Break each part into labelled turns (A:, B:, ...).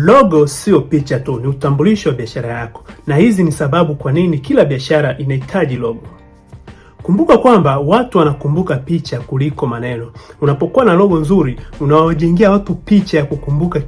A: Logo sio picha tu, ni utambulisho wa biashara yako, na hizi ni sababu kwa nini kila biashara inahitaji logo. Kumbuka kwamba watu wanakumbuka picha kuliko maneno. Unapokuwa na logo nzuri, unawajengea watu picha ya kukumbuka eh,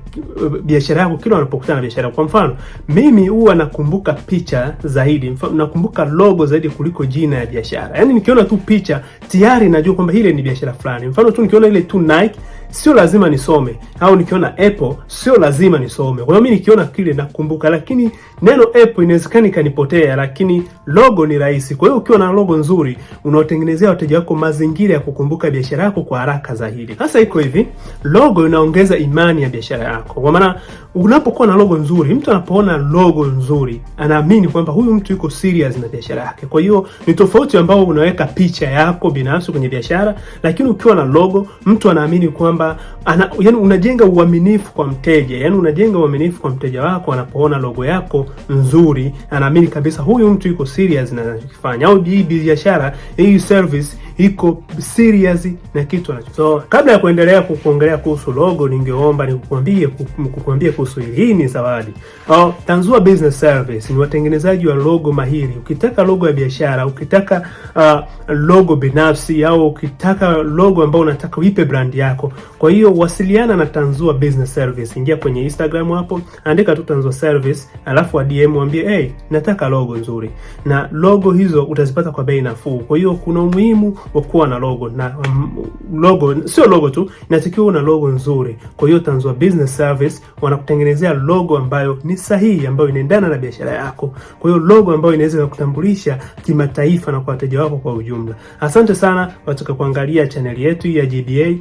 A: biashara yako kila wanapokutana na biashara. Kwa mfano, mimi huwa nakumbuka picha zaidi, nakumbuka logo zaidi kuliko jina ya biashara. Yaani nikiona tu picha tayari najua kwamba ile ni biashara fulani. Mfano tu nikiona ile tu Nike sio lazima nisome, au nikiona apple sio lazima nisome. Kwa hiyo mimi nikiona kile nakumbuka, lakini neno apple inawezekana ikanipotea, lakini logo ni rahisi. Kwa hiyo ukiwa na logo nzuri, unaotengenezea wateja wako mazingira ya kukumbuka biashara yako kwa haraka zaidi. Sasa iko hivi, logo inaongeza imani ya biashara yako, kwa maana unapokuwa na logo nzuri, mtu anapoona logo nzuri anaamini kwamba huyu mtu yuko serious na biashara yake. Kwa hiyo ni tofauti ambao unaweka picha yako binafsi kwenye biashara, lakini ukiwa na logo mtu anaamini kwamba kwamba ana, yani unajenga uaminifu kwa mteja, yani unajenga uaminifu kwa mteja wako. Anapoona logo yako nzuri, anaamini kabisa huyu mtu yuko serious na anachokifanya, au hii biashara hii service iko serious na kitu anacho. So kabla ya kuendelea kukuongelea kuhusu logo, ningeomba nikukwambie kukuambie kuhusu hili. Hii ni zawadi. Oh, Tanzua Business Service ni watengenezaji wa logo mahiri. Ukitaka logo ya biashara, ukitaka uh, logo binafsi au ukitaka logo ambayo unataka uipe brand yako. Kwa hiyo wasiliana na Tanzua Business Service. Ingia kwenye Instagram hapo, andika tu Tanzua Service, alafu wa DM mwambie, "Hey, nataka logo nzuri." Na logo hizo utazipata kwa bei nafuu. Kwa hiyo kuna umuhimu kuwa na logo na um, logo sio logo tu, inatakiwa una logo nzuri. Kwa hiyo Tanzua Business Service wanakutengenezea logo ambayo ni sahihi, ambayo inaendana na biashara yako, kwa hiyo logo ambayo inaweza kukutambulisha kimataifa na kwa wateja wako kwa ujumla. Asante sana wataka kuangalia chaneli yetu ya GDA